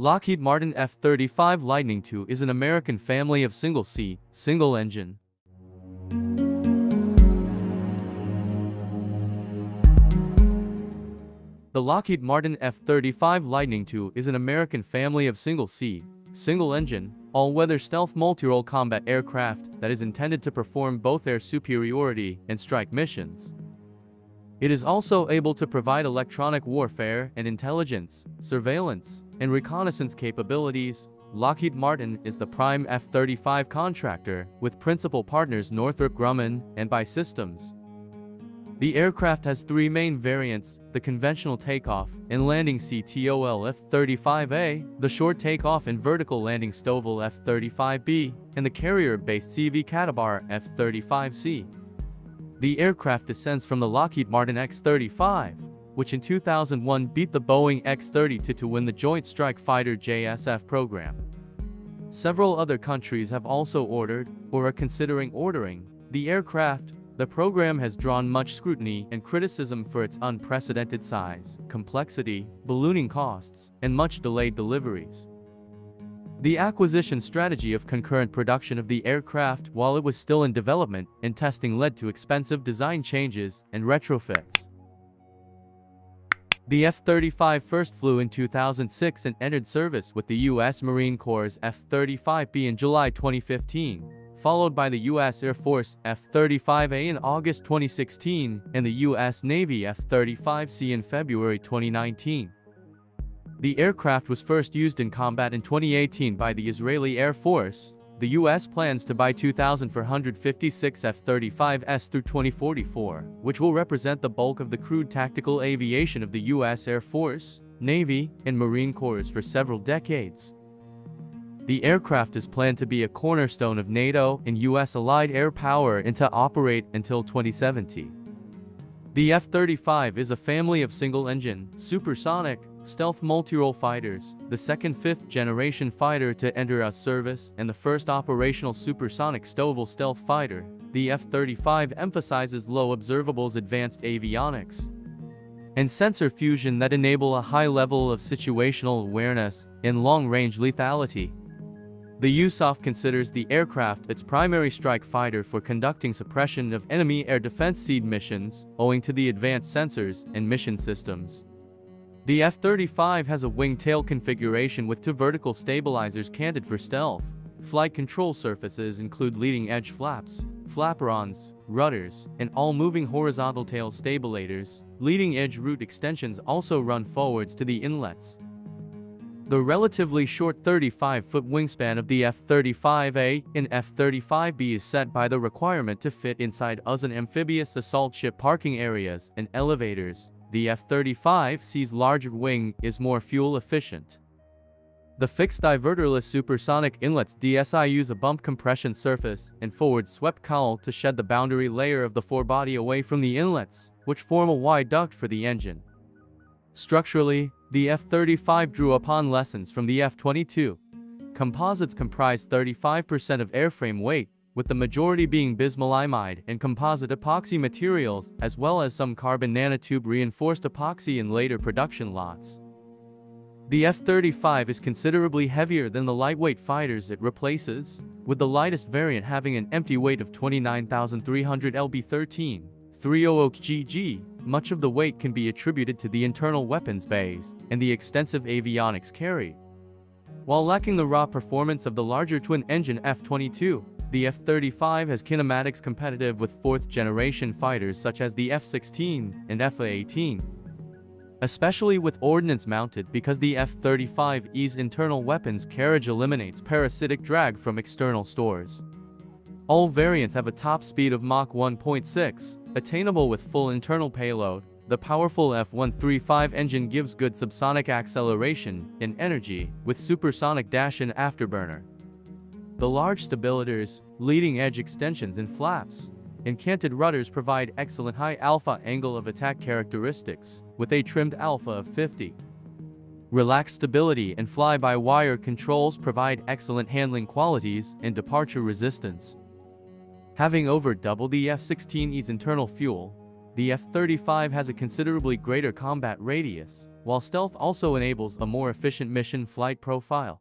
Lockheed Martin F-35 Lightning II is an American family of single-seat, single-engine The Lockheed Martin F-35 Lightning II is an American family of single-seat, single-engine, all-weather stealth multi-role combat aircraft that is intended to perform both air superiority and strike missions. It is also able to provide electronic warfare and intelligence, surveillance, and reconnaissance capabilities. Lockheed Martin is the prime F-35 contractor, with principal partners Northrop Grumman and BAE Systems. The aircraft has three main variants, the conventional takeoff and landing CTOL F-35A, the short takeoff and vertical landing STOVL F-35B, and the carrier-based CV Katabar F-35C. The aircraft descends from the Lockheed Martin X-35, which in 2001 beat the Boeing x 30 to win the Joint Strike Fighter JSF program. Several other countries have also ordered, or are considering ordering, the aircraft. The program has drawn much scrutiny and criticism for its unprecedented size, complexity, ballooning costs, and much delayed deliveries. The acquisition strategy of concurrent production of the aircraft while it was still in development and testing led to expensive design changes and retrofits. The F-35 first flew in 2006 and entered service with the U.S. Marine Corps' F-35B in July 2015, followed by the U.S. Air Force F-35A in August 2016 and the U.S. Navy F-35C in February 2019. The aircraft was first used in combat in 2018 by the Israeli Air Force. The US plans to buy 2,456 F-35s through 2044, which will represent the bulk of the crude tactical aviation of the US Air Force, Navy, and Marine Corps for several decades. The aircraft is planned to be a cornerstone of NATO and US allied air power and to operate until 2070. The F-35 is a family of single-engine, supersonic, stealth multirole fighters, the second fifth-generation fighter to enter our service and the first operational supersonic Stovall stealth fighter, the F-35 emphasizes low observables advanced avionics and sensor fusion that enable a high level of situational awareness and long-range lethality. The USAF considers the aircraft its primary strike fighter for conducting suppression of enemy air defense seed missions, owing to the advanced sensors and mission systems. The F-35 has a wing-tail configuration with two vertical stabilizers canted for stealth. Flight control surfaces include leading-edge flaps, flaperons, rudders, and all moving horizontal tail stabilators. Leading-edge root extensions also run forwards to the inlets. The relatively short 35-foot wingspan of the F-35A and F-35B is set by the requirement to fit inside US amphibious assault ship parking areas and elevators the F-35C's larger wing is more fuel efficient. The fixed diverterless supersonic inlets DSI use a bump compression surface and forward swept cowl to shed the boundary layer of the forebody away from the inlets, which form a wide duct for the engine. Structurally, the F-35 drew upon lessons from the F-22. Composites comprise 35% of airframe weight, with the majority being bismol imide and composite epoxy materials, as well as some carbon nanotube reinforced epoxy in later production lots. The F-35 is considerably heavier than the lightweight fighters it replaces, with the lightest variant having an empty weight of 29,300 lb-13, 300GG, much of the weight can be attributed to the internal weapons bays and the extensive avionics carried. While lacking the raw performance of the larger twin-engine F-22, the F-35 has kinematics competitive with fourth-generation fighters such as the F-16 and F-18, especially with ordnance mounted because the F-35E's internal weapons carriage eliminates parasitic drag from external stores. All variants have a top speed of Mach 1.6, attainable with full internal payload. The powerful F-135 engine gives good subsonic acceleration and energy with supersonic dash and afterburner. The large stabilators, leading edge extensions and flaps, and canted rudders provide excellent high alpha angle of attack characteristics, with a trimmed alpha of 50. Relaxed stability and fly-by-wire controls provide excellent handling qualities and departure resistance. Having over double the F-16E's internal fuel, the F-35 has a considerably greater combat radius, while stealth also enables a more efficient mission flight profile.